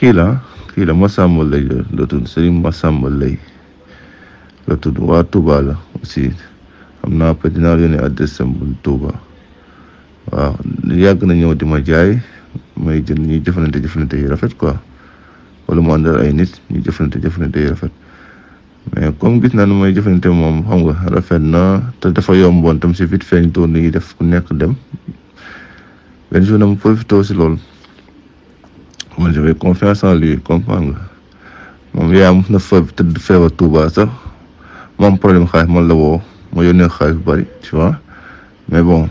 kii la kii la Massamba Leye la tudd Serigne la tudd waa la aussi am naa peut dinaa yónnee adresse am bu waaw yàgg na ñëw di ma jaay may jën ñuy jëfanante jëflante yu rafet quoi wala moo àndal ay nit ñu jëflante jëflante yu rafet mais comme gis naa ne mooy jëflante moom xam nga rafet na te dafa yomboon tam si vite feeñ tourne yi def ku nekk dem benn jour na mu profité si loolu man j'avais confiance en lui comprendre nga moom yaay mos na fa tëdd feebar Touba sax moom problème xaalis man la woo ma yónnee xaalis bu bëri tu vois mais bon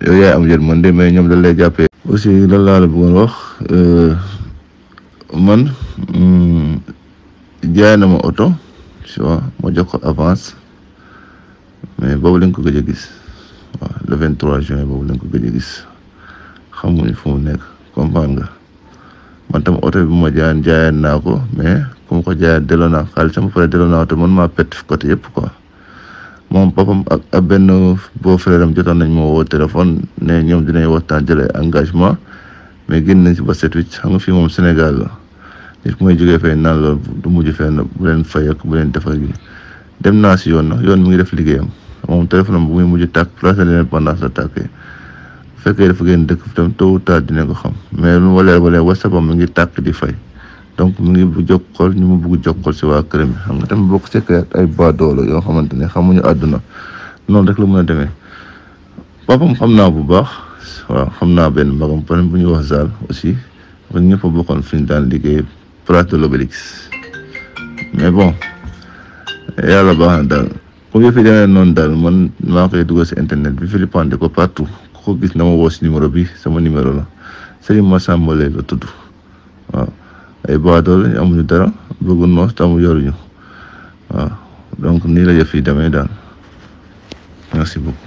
yow yaay am yërmande mais ñoom dañ lay jàppee. aussi lan laa la bëggoon wax euh, man hmm, jaay na ma oto tu vois ma jox ko avance mais boobu lañ ko gëj a gis waaw le 23 juin boobu lañ ko gëj a gis xamuñu fu mu nekk comprendre nga. man tam oto bi ma jaayan naa ko mais ku ma ko jaayan delloo naa xaalis sama pare delloo naa oto man maa pet côté yëpp ko moom papam ak ak benn boo feree am jotoon nañ moo woo téléphone ne ñoom dinañ waxtaan jëlee engagement mais génn nañ si ba set xam nga fii moom Sénégal la nit mooy jógee fay naan du mujj fenn bu leen fay ak bu leen defal gi dem naa si yoon na yoon mu ngi def liggéeyam moom téléphone am bu muy mujj tàkk place de l'indépendance la tàkkee fekkee dafa génn dëkk fi tam tôt ou tard dina ko xam mais lu waleer waleer whatsapp am mi ngi tàkk di fay donc mu ngi jokkool ñu mu bugg jokkool si waa këram xam nga tamit bokk sekk ak ay baadoolo yoo xamante ne xamuñu àdduna noonu rek la mën a demee papam xam naa bu baax waaw xam naa benn magam panim bu ñuy wax zaal aussi kon ñëpp a fi ñu daan liggéey place de l'Obélisque mais bon yàlla baax na daal comme yëf yi demee noonu daal man maa koy dugal si internet bi Philippe Andé ko partout ko gis na ma woo si numéro bi sama numéro la Serigne Massamba Leye la tudd waaw ay baadoole lañ amuñu dara bëggu noos tamu yoruñu waaw donc nii la yëf yi demee beaucoup